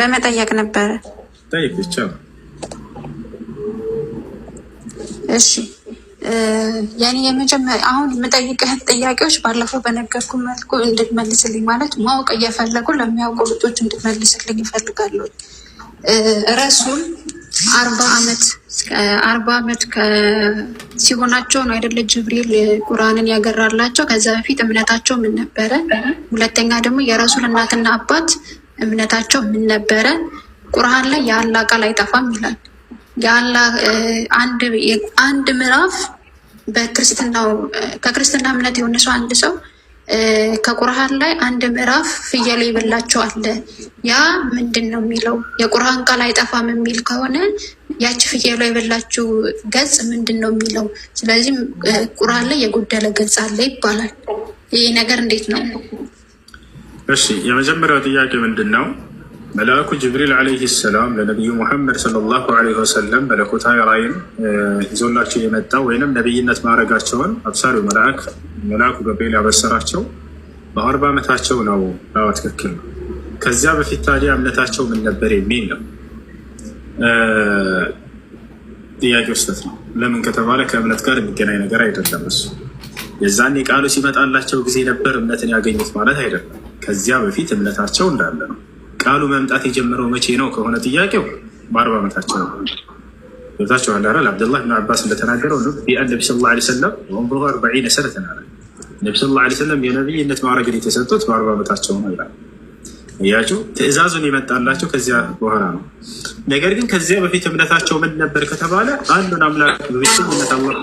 ለመጠየቅ ነበረ። ጠይቅ ይቻላል። እሺ ያኔ የመጀመሪያ አሁን የምጠይቅህን ጥያቄዎች ባለፈው በነገርኩ መልኩ እንድትመልስልኝ ማለት ማወቅ እየፈለጉ ለሚያውቁ ልጆች እንድትመልስልኝ ይፈልጋሉ። ረሱል አርባ አመት አርባ አመት ሲሆናቸው ነው አይደለ ጅብሪል ቁርአንን ያገራላቸው። ከዛ በፊት እምነታቸው ምን ነበረ? ሁለተኛ ደግሞ የረሱል እናትና አባት እምነታቸው ምን ነበረ? ቁርአን ላይ የአላህ ቃል አይጠፋም ይላል። አንድ ምዕራፍ በክርስትናው ከክርስትና እምነት የሆነ ሰው አንድ ሰው ከቁርአን ላይ አንድ ምዕራፍ ፍየል ይብላቸው አለ። ያ ምንድን ነው የሚለው? የቁርአን ቃል አይጠፋም የሚል ከሆነ ያቺ ፍየሉ የበላችው ገጽ ምንድን ነው የሚለው? ስለዚህም ቁርአን ላይ የጎደለ ገጽ አለ ይባላል። ይህ ነገር እንዴት ነው? እሺ የመጀመሪያው ጥያቄ ምንድን ነው? መልአኩ ጅብሪል ዓለይህ ሰላም ለነቢዩ ሙሐመድ ሰለላሁ ዓለይህ ወሰለም መለኮታዊ ራእይን ይዞላቸው የመጣ ወይንም ነቢይነት ማድረጋቸውን አብሳሪው መልአክ መልአኩ ገብርኤል ያበሰራቸው በአርባ ዓመታቸው ነው። አዎ ትክክል ነው። ከዚያ በፊት ታዲያ እምነታቸው ምን ነበር የሚል ነው ጥያቄ ውስጠት ነው። ለምን ከተባለ ከእምነት ጋር የሚገናኝ ነገር አይደለም። እሱ የዛኔ ቃሉ ሲመጣላቸው ጊዜ ነበር እምነትን ያገኙት ማለት አይደለም። ከዚያ በፊት እምነታቸው እንዳለ ነው። ቃሉ መምጣት የጀመረው መቼ ነው ከሆነ ጥያቄው በአርባ ዓመታቸው ነው። ታቸው አላል አብዱላህ ብን አባስ እንደተናገረው ቢአን ነቢ ስለ ላ ሰለም ወንብሮ አርበዒነ ሰነ ተናለ ነቢ ስለ ላ ሰለም የነብይነት ማዕረግን የተሰጡት በአርባ ዓመታቸው ነው ይላል። እያቸው ትእዛዙን የመጣላቸው ከዚያ በኋላ ነው። ነገር ግን ከዚያ በፊት እምነታቸው ምን ነበር ከተባለ አንዱን አምላክ ብቸኝነት አላ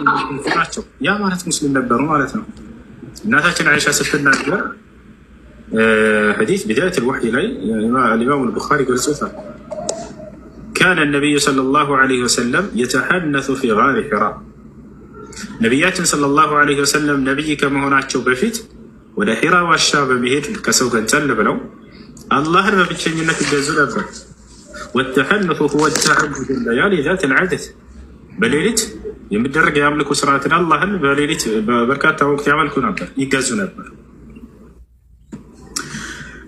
ናቸው። ያ ማለት ሙስሊም ነበሩ ማለት ነው። እናታችን አይሻ ስትናገር ሐዲስ ቢዳያት ልወሕይ ላይ አልኢማሙ ልቡኻሪ ገልጾታል። ካነ ነቢዩ ሰለላሁ ዓለይሂ ወሰለም የተሐነሱ ፊ ጋሪ ሒራ ነቢያችን ሰለላሁ ዓለይሂ ወሰለም ነቢይ ከመሆናቸው በፊት ወደ ሒራ ዋሻ በመሄድ ከሰው ገንጠል ብለው አላህን በብቸኝነት ይገዙ ነበር። ወተሐነሱ ሁወ ተዓቡድ ለያሊ ዛት ልዓደት በሌሊት የሚደረግ የአምልኮ ስርዓትን አላህን በሌሊት በበርካታ ወቅት ያመልኩ ነበር፣ ይገዙ ነበር።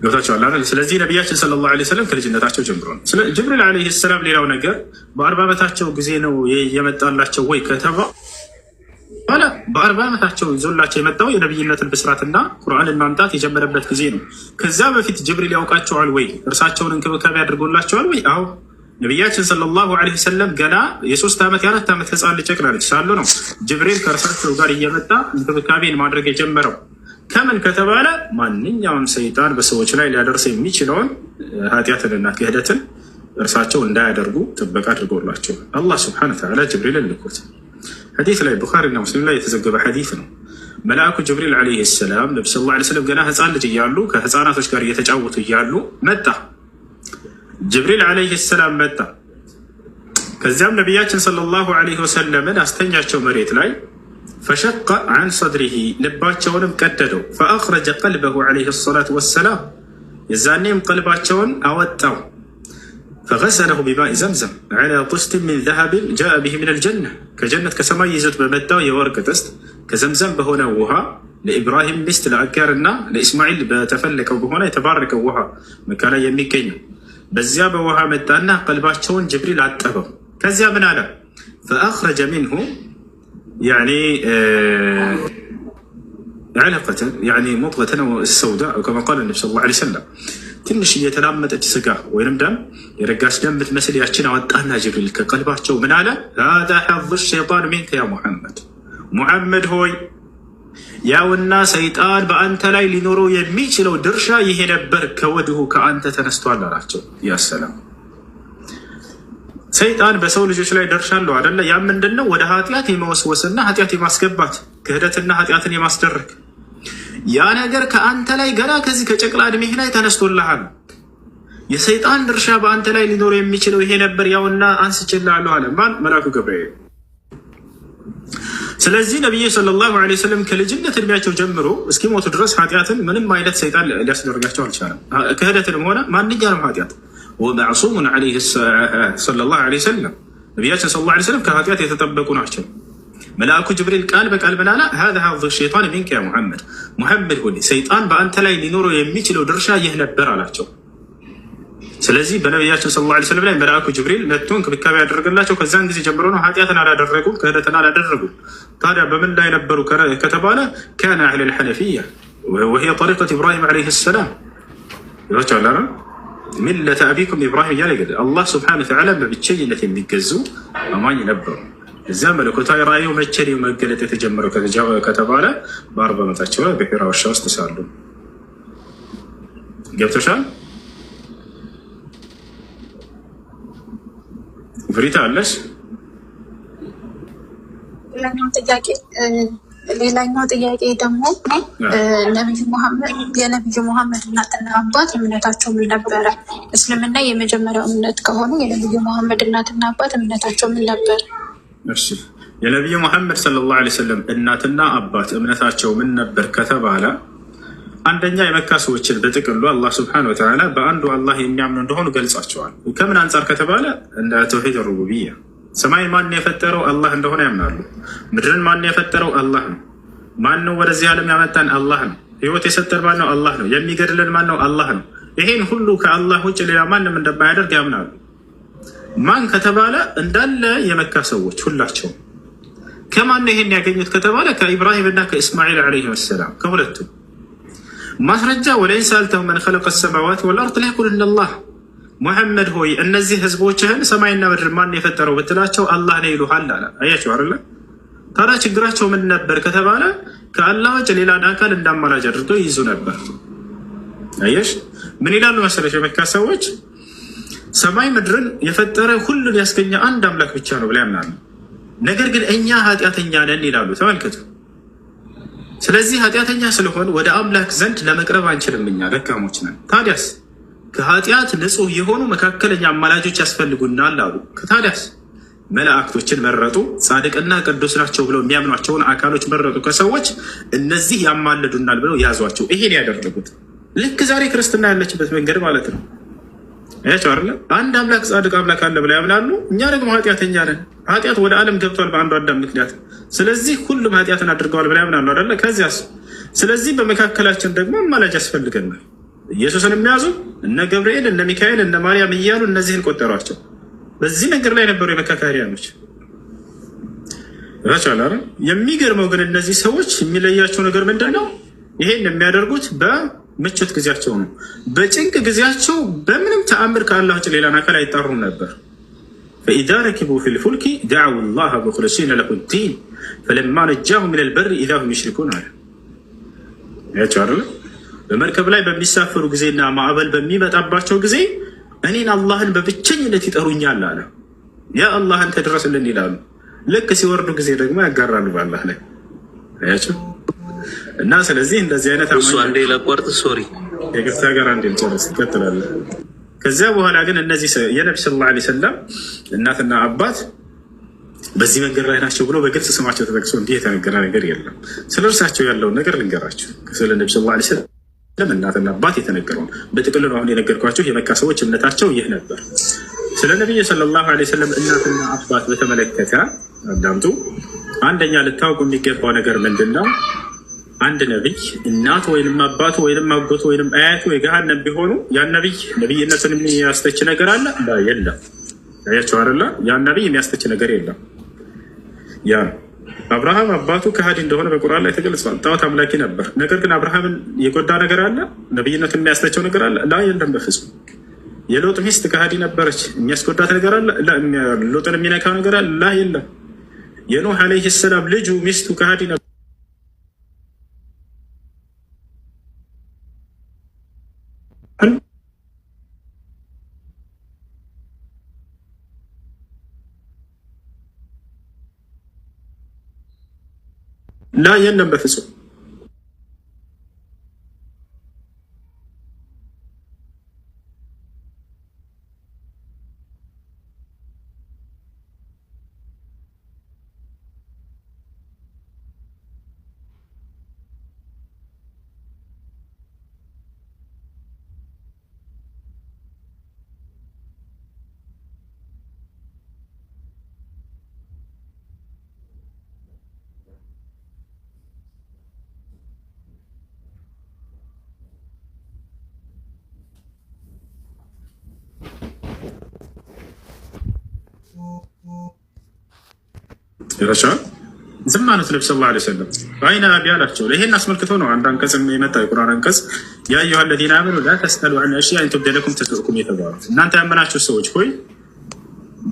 ገብታችኋል ስለዚህ ነቢያችን ሰለላሁ ዐለይሂ ወሰለም ከልጅነታቸው ጀምሮ ነው። ጅብሪል ዐለይሂ ሰላም ሌላው ነገር በአርባ ዓመታቸው ጊዜ ነው የመጣላቸው ወይ ከተባለ በአርባ ዓመታቸው ይዞላቸው የመጣው የነቢይነትን ብስራትና ቁርአንን ማምጣት የጀመረበት ጊዜ ነው። ከዚያ በፊት ጅብሪል ያውቃቸዋል ወይ? እርሳቸውን እንክብካቤ አድርጎላቸዋል ወይ? አዎ ነቢያችን ሰለላሁ ዐለይሂ ወሰለም ገና የሶስት ዓመት የአራት ዓመት ህፃን ልጨቅላለች ሳሉ ነው ጅብሪል ከእርሳቸው ጋር እየመጣ እንክብካቤን ማድረግ የጀመረው። ከምን ከተባለ ማንኛውም ሰይጣን በሰዎች ላይ ሊያደርስ የሚችለውን ኃጢአትንና ክህደትን እርሳቸው እንዳያደርጉ ጥበቃ አድርጎላቸው አላህ ስብሐነ ወተዓላ ጅብሪልን ልኮት። ሐዲስ ላይ ቡኻሪና ሙስሊም ላይ የተዘገበ ሐዲስ ነው። መልአኩ ጅብሪል ዓለይሂ ሰላም ነቢ ሰለላሁ ዓለይሂ ወሰለም ገና ህፃን ልጅ እያሉ ከህፃናቶች ጋር እየተጫወቱ እያሉ መጣ። ጅብሪል ዓለይሂ ሰላም መጣ። ከዚያም ነቢያችን ሰለላሁ ዓለይሂ ወሰለምን አስተኛቸው መሬት ላይ فشق عن صدره لباتشون مكدده فأخرج قلبه عليه الصلاة والسلام يزانيم قلباتشون أوتاو فغسله بماء زمزم على طست من ذهب جاء به من الجنة كجنة كسماء يزت بمتا يورك تست كزمزم بهنا وها لإبراهيم مست لأكارنا لإسماعيل بتفلك بهنا يتبارك وها مكان يمي بزياب وها متانا قلباتشون جبريل عتبه كزيا من فأخرج منه يعني ዓለቀተ ሙጥበተን ሰውዳ ከማ ቃል ነቢ ሰለላሁ ዓለይሂ ወሰለም ትንሽ እየተላመጠች ስጋ ወይም ደም የረጋች ደም ብትመስል ያችን አወጣና ጅብሪል ከቀልባቸው ምን አለ? ሃዛ ሐዙ ሸይጣን ሚንከ ያ ሙሐመድ፣ ሙሐመድ ሆይ ያውና ሰይጣን በአንተ ላይ ሊኖረው የሚችለው ድርሻ ይሄ ነበር፣ ከወዲሁ ከአንተ ተነስቷል አላቸው። ያሰላም ሰይጣን በሰው ልጆች ላይ ደርሻለሁ አደለ? ያ ምንድነው? ወደ ኃጢአት የመወስወስና ኃጢአት የማስገባት ክህደትና ኃጢአትን የማስደረግ ያ ነገር ከአንተ ላይ ገና ከዚህ ከጨቅላ እድሜህ ላይ ተነስቶልሃል። የሰይጣን ድርሻ በአንተ ላይ ሊኖር የሚችለው ይሄ ነበር። ያውና አንስችላለሁ አለ ማን? ገብርኤል። ስለዚህ ነቢዩ ሰለላሁ ዐለይሂ ወሰለም ከልጅነት እድሜያቸው ጀምሮ እስኪሞቱ ድረስ ኃጢአትን ምንም አይነት ሰይጣን ሊያስደርጋቸው አልቻለም። ክህደትንም ሆነ ማንኛውንም ኃጢአት ومعصوم معصوم عليه صلى الله عليه وسلم نبياته صلى الله عليه وسلم كانت ياتي تطبقون عشان ملاك جبريل قال بك قال لا هذا هذا الشيطان منك يا محمد محمد هو شيطان لي نور يمشي لو درشا يهنبر على عشان سلزي بنبياته صلى الله عليه وسلم لين ملاك جبريل نتونك بكاب يدرق الله شو كزان دي جبرونه هاتياتنا على درقوا كهدتنا لا درقوا قال بمن لا ينبروا كتبانا كان اهل الحنفيه وهي طريقه ابراهيم عليه السلام رجع لنا ሚለተ አቢኩም ኢብራሂም እያለ ገ አላህ ስብሐነ ወተዓላ በብቸኝነት የሚገዙ አማኝ ነበሩ። እዚያ መለኮታዊ ራእዩ መቼ መገለጥ የተጀመረው ከተባለ በአርባ ዓመታቸው ላይ በሒራ ዋሻ ውስጥ ሳሉ ገብቶሻል። ፍሪታ አለሽ ጥያቄ ሌላኛው ጥያቄ ደግሞ ነቢዩ መሐመድ የነቢዩ ሙሐመድ እናትና አባት እምነታቸው ምን ነበረ? እስልምና የመጀመሪያው እምነት ከሆኑ የነቢዩ ሙሐመድ እናትና አባት እምነታቸው ምን ነበረ? እሺ የነቢዩ መሐመድ ሰለላሁ ዓለይሂ ወሰለም እናትና አባት እምነታቸው ምን ነበር ከተባለ አንደኛ የመካ ሰዎችን በጥቅሉ አላህ ስብሐነሁ ወተዓላ በአንዱ አላህ የሚያምኑ እንደሆኑ ገልጻቸዋል። ከምን አንጻር ከተባለ እንደ ተውሂድ ሩቡብያ ሰማይ ማን የፈጠረው አላህ እንደሆነ ያምናሉ። ምድርን ማን የፈጠረው አላህ ነው። ማን ነው ወደዚህ ዓለም ያመጣን? አላህ ነው። ህይወት የሰጠን ማን ነው? አላህ ነው። የሚገድልን ማን ነው? አላህ ነው። ይሄን ሁሉ ከአላህ ውጭ ሌላ ማንም እንደማያደርግ ያምናሉ። ማን ከተባለ እንዳለ የመካ ሰዎች ሁላቸው። ከማን ነው ይሄን ያገኙት ከተባለ ከኢብራሂም እና ከእስማኤል ዓለይሂም ሰላም ከሁለቱም ማስረጃ ወለኢን ሰአልተሁም መን ኸለቀ ሰማዋት ወልአርድ ለየቁሉነ አላህ ሙሐመድ ሆይ እነዚህ ህዝቦችህን ሰማይና ምድር ማን የፈጠረው ብትላቸው አላህ ነው ይሉሃል አለ። አያቸው አለ። ታዲያ ችግራቸው ምን ነበር ከተባለ ከአላህ ውጭ ሌላን አካል እንዳማላጅ አድርገው ይይዙ ነበር። አየሽ ምን ይላሉ መሰለሽ የመካ ሰዎች ሰማይ ምድርን የፈጠረ ሁሉን ያስገኘ አንድ አምላክ ብቻ ነው ብላ ያምናሉ። ነገር ግን እኛ ኃጢአተኛ ነን ይላሉ። ተመልከቱ። ስለዚህ ኃጢአተኛ ስለሆን ወደ አምላክ ዘንድ ለመቅረብ አንችልም። እኛ ደካሞች ነን። ታዲያስ ከኃጢአት ንጹህ የሆኑ መካከለኛ አማላጆች ያስፈልጉናል አሉ። ከታዲያስ መላእክቶችን መረጡ። ጻድቅና ቅዱስ ናቸው ብለው የሚያምኗቸውን አካሎች መረጡ ከሰዎች እነዚህ ያማልዱናል ብለው ያዟቸው። ይሄን ያደረጉት ልክ ዛሬ ክርስትና ያለችበት መንገድ ማለት ነው። ያቸው አለ አንድ አምላክ ጻድቅ አምላክ አለ ብለው ያምናሉ። እኛ ደግሞ ኃጢአተኛ ነን። ኃጢአት ወደ ዓለም ገብቷል በአንዱ አዳም ምክንያት። ስለዚህ ሁሉም ኃጢአትን አድርገዋል ብለው ያምናሉ አይደለ? ከዚያስ ስለዚህ በመካከላችን ደግሞ አማላጅ ያስፈልገናል። ኢየሱስን የሚያዙ እነ ገብርኤል፣ እነ ሚካኤል፣ እነ ማርያም እያሉ እነዚህን ቆጠሯቸው። በዚህ ነገር ላይ ነበሩ የመካ ከሃዲያኖች። የሚገርመው ግን እነዚህ ሰዎች የሚለያቸው ነገር ምንድን ነው? ይሄን የሚያደርጉት በምቾት ጊዜያቸው ነው። በጭንቅ ጊዜያቸው በምንም ተአምር ከአላህ ውጭ ሌላን አካል አይጠሩም ነበር። فإذا ركبوا في الفلك دعوا الله مخلصين له الدين فلما نجاهم من البر إذا هم يشركون አለ ያቸው በመርከብ ላይ በሚሳፈሩ ጊዜና ማዕበል በሚመጣባቸው ጊዜ እኔን አላህን በብቸኝነት ይጠሩኛል አለ። ያ አላህ አንተ ድረስልን ይላሉ። ልክ ሲወርዱ ጊዜ ደግሞ ያጋራሉ ባላህ ላይ ያቸው እና ስለዚህ እንደዚህ አይነት እሱ አንዴ ለቆርጥ ሶሪ የገዛ ሀገር አንዴ ልጨርስ ይቀጥላለ። ከዚያ በኋላ ግን እነዚህ የነቢ ስለ ላ ሰላም እናትና አባት በዚህ መንገድ ላይ ናቸው ብሎ በግልጽ ስማቸው ተጠቅሶ እንዲህ የተነገረ ነገር የለም። ስለ እርሳቸው ያለውን ነገር ልንገራቸው ስለ ነቢ ስለ ላ ሰላም ለእናትና አባት የተነገረውን በጥቅልሉ አሁን የነገርኳቸው የመካ ሰዎች እምነታቸው ይህ ነበር። ስለ ነቢዩ ሰለላሁ ዐለይሂ ወሰለም እናትና አባት በተመለከተ አዳምጡ። አንደኛ ልታውቁ የሚገባው ነገር ምንድን ነው? አንድ ነቢይ እናቱ ወይንም አባቱ ወይንም አጎቱ ወይንም አያቱ የገሃነም ቢሆኑ ያን ነቢይ ነቢይነትን የሚያስተች ነገር አለ የለም? ያያቸው አለ ያን ነቢይ የሚያስተች ነገር የለም። ያ ነው አብርሃም አባቱ ከሃዲ እንደሆነ በቁርአን ላይ ተገልጿል። ጣዖት አምላኪ ነበር። ነገር ግን አብርሃምን የጎዳ ነገር አለ? ነብይነቱን የሚያስተቸው ነገር አለ? ላ የለም በፍጹም። የሎጥ ሚስት ከሃዲ ነበረች። የሚያስጎዳት ነገር አለ? ሎጥን የሚነካው ነገር አለ? ላ የለም። የኖህ ዓለይሂ ሰላም ልጁ ሚስቱ ከሃዲ ነበር። እና የለም በፍጹም ይረሻል ዝም ማለት ነቢ ስ ላ ሰለም አይነ አቢ አላቸው። ይሄን አስመልክተው ነው አንድ አንቀጽ የመጣ የቁርአን አንቀጽ ያ አዩሃ ለዚነ አመኑ ላ ተስአሉ አን አሽያእ ኢን ቱብደ ለኩም ተሱእኩም የተባሉት እናንተ ያመናችሁ ሰዎች ሆይ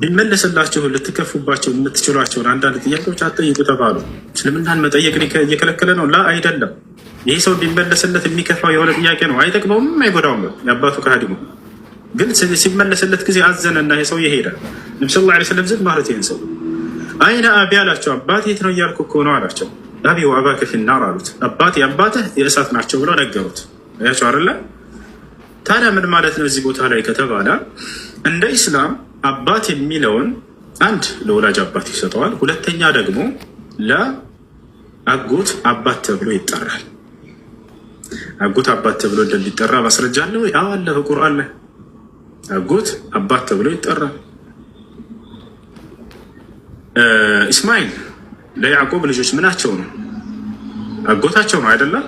ቢመለስላችሁ ልትከፉባቸው የምትችሏቸውን አንዳንድ ጥያቄዎች አትጠይቁ ተባሉ። እስልምናን መጠየቅ እየከለከለ ነው? ላ አይደለም። ይሄ ሰው ቢመለስለት የሚከፋው የሆነ ጥያቄ ነው። አይጠቅመውም፣ አይጎዳውም። የአባቱ ካህዲ ግን ሲመለስለት ጊዜ አዘነና ሰው የሄደ ነቢ ስ ላ ስለም ዝም ማለት ይህን ሰው አይነ አቢ አላቸው። አባት የት ነው እያልኩ እኮ ነው አላቸው። አቢ ወአባከ ፊናር አሉት። አባቴ አባትህ የእሳት ናቸው ብለው ነገሩት። ያቸው አለ። ታዲያ ምን ማለት ነው እዚህ ቦታ ላይ ከተባለ እንደ ኢስላም አባት የሚለውን አንድ ለወላጅ አባት ይሰጠዋል። ሁለተኛ ደግሞ ለአጎት አባት ተብሎ ይጠራል። አጎት አባት ተብሎ እንደሚጠራ ማስረጃ አለ ወይ? አዎ አለ በቁርአን ላይ አጎት አባት ተብሎ ይጠራል። ኢስማኤል ለያዕቆብ ልጆች ምናቸው ነው? አጎታቸው ነው አይደለም?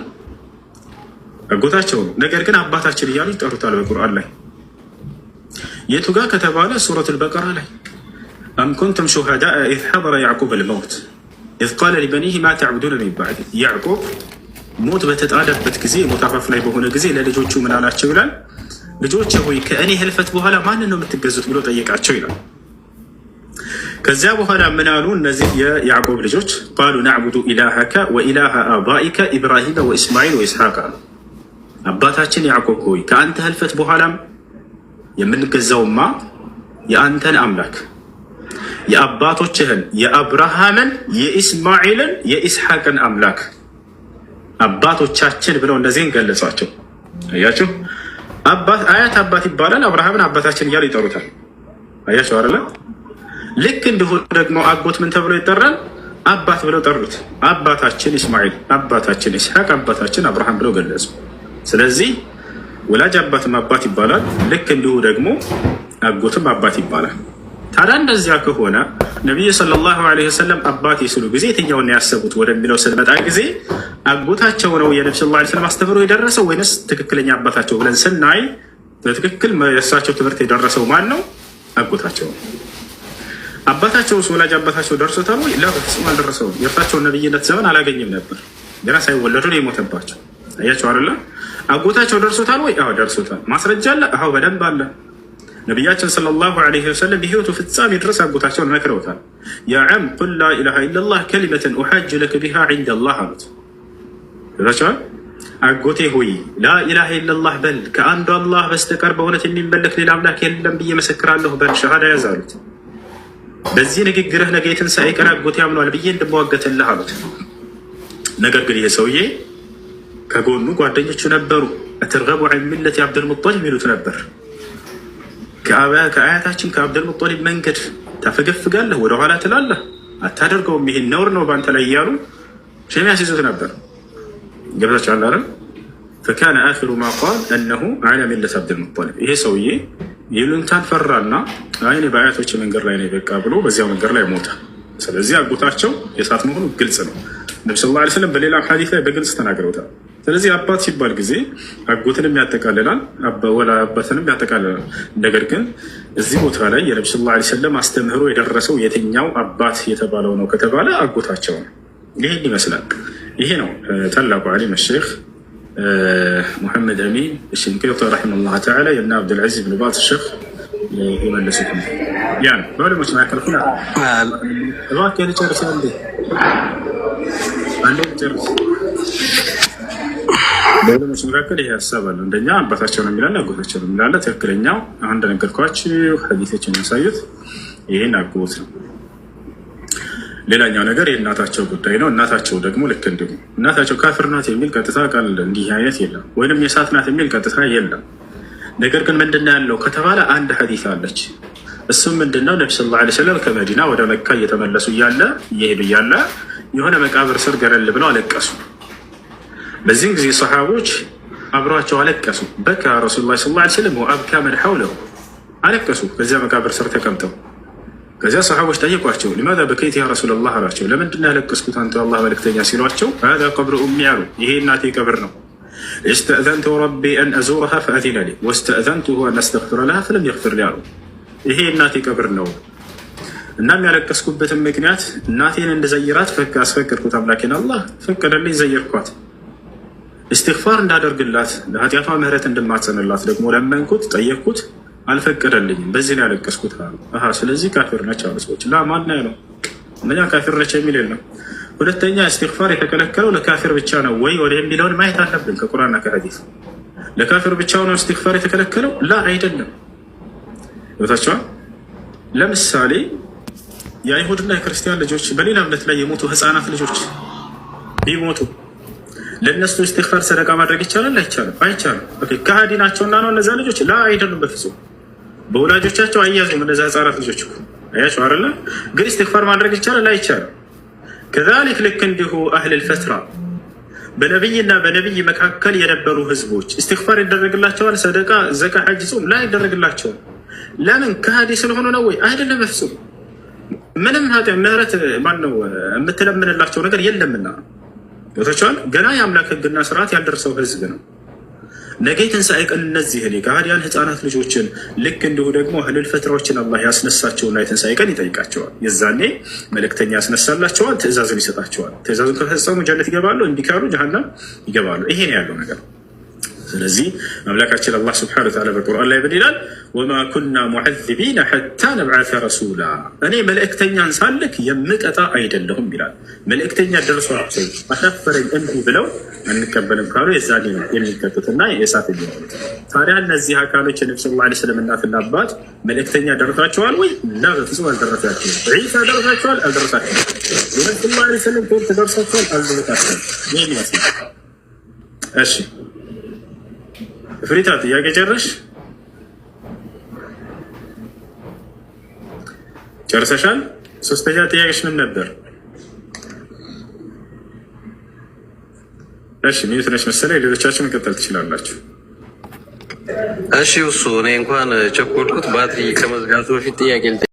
አጎታቸው ነው። ነገር ግን አባታችን እያሉ ይጠሩታል በቁርአን ላይ የቱ ጋር ከተባለ ሱረቱል በቀራ ላይ አም ኩንቱም ሹሃዳ ኢዝ ሐደረ ያዕቁብ ልመውት ኢዝ ቃለ ሊበኒህ ማ ተዕቡዱነ ሚን ያዕቁብ ሞት በተጣደበት ጊዜ ሞት አፋፍ ላይ በሆነ ጊዜ ለልጆቹ ምን አላቸው ይላል ልጆች ሆይ ከእኔ ህልፈት በኋላ ማንን ነው የምትገዙት ብሎ ጠየቃቸው ይላል። ከዚያ በኋላ ምን አሉ እነዚህ የያዕቆብ ልጆች? ቃሉ ናዕቡዱ ኢላሃከ ወኢላሀ አባኢከ ኢብራሂም ወእስማዒል ወኢስሐቅ አሉ። አባታችን ያዕቆብ ሆይ ከአንተ ህልፈት በኋላም የምንገዛውማ የአንተን አምላክ የአባቶችህን የአብርሃምን የኢስማኤልን የኢስሐቅን አምላክ አባቶቻችን ብለው እነዚህን ገለጿቸው። አያችሁ አያት አባት ይባላል። አብርሃምን አባታችን እያሉ ይጠሩታል። አያቸው አለ። ልክ እንዲሁ ደግሞ አጎት ምን ተብሎ ይጠራል? አባት ብለው ጠሩት። አባታችን እስማኤል፣ አባታችን ኢስሐቅ፣ አባታችን አብርሃም ብለው ገለጹ። ስለዚህ ወላጅ አባትም አባት ይባላል። ልክ እንዲሁ ደግሞ አጎትም አባት ይባላል። ታዲያ እንደዚያ ከሆነ ነቢይ ሰለላሁ ዐለይሂ ወሰለም አባቴ ሲሉ ጊዜ የትኛውን ያሰቡት ወደሚለው ስንመጣ ጊዜ አጎታቸው ነው የነቢ ስ ስለም አስተምሮ የደረሰው ወይንስ ትክክለኛ አባታቸው ብለን ስናይ በትክክል የእሳቸው ትምህርት የደረሰው ማን ነው? አጎታቸው አባታቸው ወላጅ አባታቸው ደርሶታል ወይ? ለፍጹም አልደረሰውም። የእርሳቸውን ነብይነት ዘመን አላገኝም ነበር። ገና ሳይወለዱ ነው የሞተባቸው። አያቸው አለ አጎታቸው ደርሶታል ወይ? አዎ ደርሶታል። ማስረጃ አለ። አዎ በደንብ አለ። ነቢያችን ሰለላሁ ዐለይሂ ወሰለም በህይወቱ ፍጻሜ ድረስ አጎታቸውን መክረውታል። ያ ዓም ቁል ላ ኢላሃ ኢለላህ ከሊመተን ኡሓጅ ለከ ቢሃ ዒንደላህ አሉት። ዛቸዋል አጎቴ ሆይ ላ ኢላሃ ኢለላህ በል ከአንዱ አላህ በስተቀር በእውነት የሚመለክ ሌላ አምላክ የለም ብዬ መሰክራለሁ በል ሸሃዳ ያዝ አሉት። በዚህ ንግግርህ ነገ የትንሣኤ ቀን አጎቴ አምኗል ብዬ እንድመዋገትልህ አሉት። ነገር ግን ይሄ ሰውዬ ከጎኑ ጓደኞቹ ነበሩ። አትርገቡ ዐን ሚለቲ ዓብድልሙጠሊብ ይሉት ነበር ከአያታችን ከአብደል ሙጦሊብ መንገድ ታፈገፍጋለህ፣ ወደኋላ ትላለህ፣ አታደርገውም፣ ይሄን ነውር ነው በአንተ ላይ እያሉ የሚያስይዙት ነበር። ገብታችኋል አይደል? ፈካነ አክሩ ማ ቃል እነሁ አላ ሚለት አብደል ሙጦሊብ። ይሄ ሰውዬ ይሉንታን ፈራና አይ በአያቶች መንገድ ላይ ነው የበቃ ብሎ በዚያ መንገድ ላይ ሞተ። ስለዚህ አጎታቸው የእሳት መሆኑ ግልጽ ነው። ነቢ ስ ላ ስለም በሌላ ሀዲስ ላይ በግልጽ ተናግረውታል። ስለዚህ አባት ሲባል ጊዜ አጎትንም ያጠቃልላል፣ ወላ አባትንም ያጠቃልላል። ነገር ግን እዚህ ቦታ ላይ የነቢ ስ ላ ሰለም አስተምህሮ የደረሰው የትኛው አባት የተባለው ነው ከተባለ አጎታቸው ነው። ይህን ይመስላል። ይሄ ነው ታላቁ ዓሊም ሼክ ሙሐመድ አሚን ሽንቅጥ ረሒመሁላህ ተዓላ የእብነ አብዱልዓዚዝ ብን ባዝ ሼክ የመለሱት ነው። ያ ነው በሁለሞች መካከል ሁና እባክህ ልጨርስ አንዴ አንዴ ልጨርስ በዑለሞች መካከል ይሄ ሀሳብ አለ። አንደኛ አባታቸው ነው የሚላለ፣ አጎታቸው ነው የሚላለ። ትክክለኛው አሁን እንደነገርኳችሁ ሀዲቶች የሚያሳዩት ይህን አጎት ነው። ሌላኛው ነገር የእናታቸው ጉዳይ ነው። እናታቸው ደግሞ ልክ እንዲሁ እናታቸው ካፍር ናት የሚል ቀጥታ ቃል እንዲህ አይነት የለም፣ ወይንም የእሳት ናት የሚል ቀጥታ የለም። ነገር ግን ምንድነው ያለው ከተባለ አንድ ሀዲት አለች። እሱም ምንድነው ነቢ ስለ ላ ስለም ከመዲና ወደ መካ እየተመለሱ እያለ እየሄዱ እያለ የሆነ መቃብር ስር ገረል ብለው አለቀሱ። በዚህን ጊዜ ሰሓቦች አብረቸው አለቀሱ። በካ ረሱሉላህ ሰለላሁ ዐለይሂ ወሰለም ወአብካ መን ሐውለሁ አለቀሱ። ከዚያ መቃብር ስር ተቀምጠው ከዚያ ሰሓቦች ጠየቋቸው። ሊማዛ በከይት ያ ረሱላላህ አሏቸው። ለምንድን ያለቀስኩት አንተ አላህ መልእክተኛ ሲሏቸው፣ ሀዛ ቀብሩ ኡሚ አሉ፣ ይሄ እናቴ ቀብር ነው። እስተእዘንቱ ረቢ አን አዙረሃ ፈአዚነ ሊ ወስተእዘንቱሁ አን አስተግፊረ ለሃ ፈለም የግፊር ሊ አሉ። ይሄ እናቴ ቀብር ነው እናም ያለቀስኩበትን ምክንያት እናቴን እንድዘይራት አስፈቀድኩት። አምላኬን አላህ ፈቀደልኝ፣ ዘየርኳት። እስትግፋር እንዳደርግላት ለኃጢአቷ ምህረት እንድማጸንላት ደግሞ ለመንኩት፣ ጠየቅኩት፣ አልፈቀደልኝም። በዚህ ነው ያለቀስኩት አሉ። ስለዚህ ካፊር ነች አሉ ሰዎች። ላ ማና ነው እኛ ካፊር ነች የሚል የለም። ሁለተኛ እስትግፋር የተከለከለው ለካፊር ብቻ ነው ወይ ወደ የሚለውን ማየት አለብን ከቁርአንና ከሐዲስ። ለካፊር ብቻ ነው እስትግፋር የተከለከለው? ላ አይደለም። ቦታቸዋል ለምሳሌ የአይሁድና የክርስቲያን ልጆች በሌላ እምነት ላይ የሞቱ ህፃናት ልጆች ቢሞቱ ለእነሱ ኢስቲግፋር ሰደቃ ማድረግ ይቻላል አይቻልም? አይቻልም። ከሃዲ ናቸውና ነው እነዛ ልጆች ላ አይደሉም፣ በፍጹም በወላጆቻቸው አያዙም። እነዛ ህጻናት ልጆች አያቸው አለ። ግን ኢስቲግፋር ማድረግ ይቻላል አይቻልም? ከዛሊክ ልክ እንዲሁ አህልል ፈትራ በነቢይና በነቢይ መካከል የነበሩ ህዝቦች ኢስቲግፋር ይደረግላቸዋል? ሰደቃ፣ ዘካ፣ ሐጅ፣ ጾም ላይ ይደረግላቸዋል። ለምን ከሃዲ ስለሆኑ ነው ወይ? አይደለም፣ በፍጹም ምንም ምህረት ማነው የምትለምንላቸው ነገር የለምና ገብታችኋል። ገና የአምላክ ህግና ስርዓት ያልደረሰው ህዝብ ነው። ነገ ትንሣኤ ቀን እነዚህን የጋዲያን ህፃናት ልጆችን ልክ እንዲሁ ደግሞ ህልል ፈትራዎችን አላህ ያስነሳቸውና የትንሣኤ ቀን ይጠይቃቸዋል። የዛኔ መልእክተኛ ያስነሳላቸዋል፣ ትእዛዝን ይሰጣቸዋል። ትእዛዙን ከፈጸሙ ጀነት ይገባሉ፣ እንዲካሉ ጀሃናም ይገባሉ። ይሄ ነው ያለው ነገር። ስለዚህ አምላካችን አላህ ስብሐነ ወተዓላ በቁርአን ላይ ምን ይላል? ወማ ኩና ሙዐዚቢነ ሐታ ነብዓተ ረሱላ፣ እኔ መልእክተኛን ሳልክ የምቀጣ አይደለሁም ይላል። መልእክተኛ ደርሶ ናቸው አሻፈረኝ እንዲ ብለው አንቀበልም ካሉ የዛኔ ነው የሚቀጡትና የእሳት የሚሆኑ። ታዲያ እነዚህ አካሎች የነብዩ ሰለላሁ ዐለይሂ ወሰለም እናትና አባት መልእክተኛ ደርሷቸዋል ወይ? እና በፍጹም አልደረሳቸውም። ዒሳ ደርሷቸዋል? አልደረሳቸውም። የነብዩ ሰለላሁ ዐለይሂ ወሰለም ትምህርት ደርሷቸዋል? አልደረሳቸውም። ይህ ይመስላል። እሺ ፍሪታ ጥያቄ ጨረሽ ጨርሰሻል? ሶስተኛ ጥያቄሽ ምን ነበር? እሺ ሚዩት ነች መሰለኝ። ሌሎቻችሁ መቀጠል ትችላላችሁ። እሺ እሱ እኔ እንኳን ቸኮልኩት ባትሪ ከመዝጋቱ በፊት ጥያቄ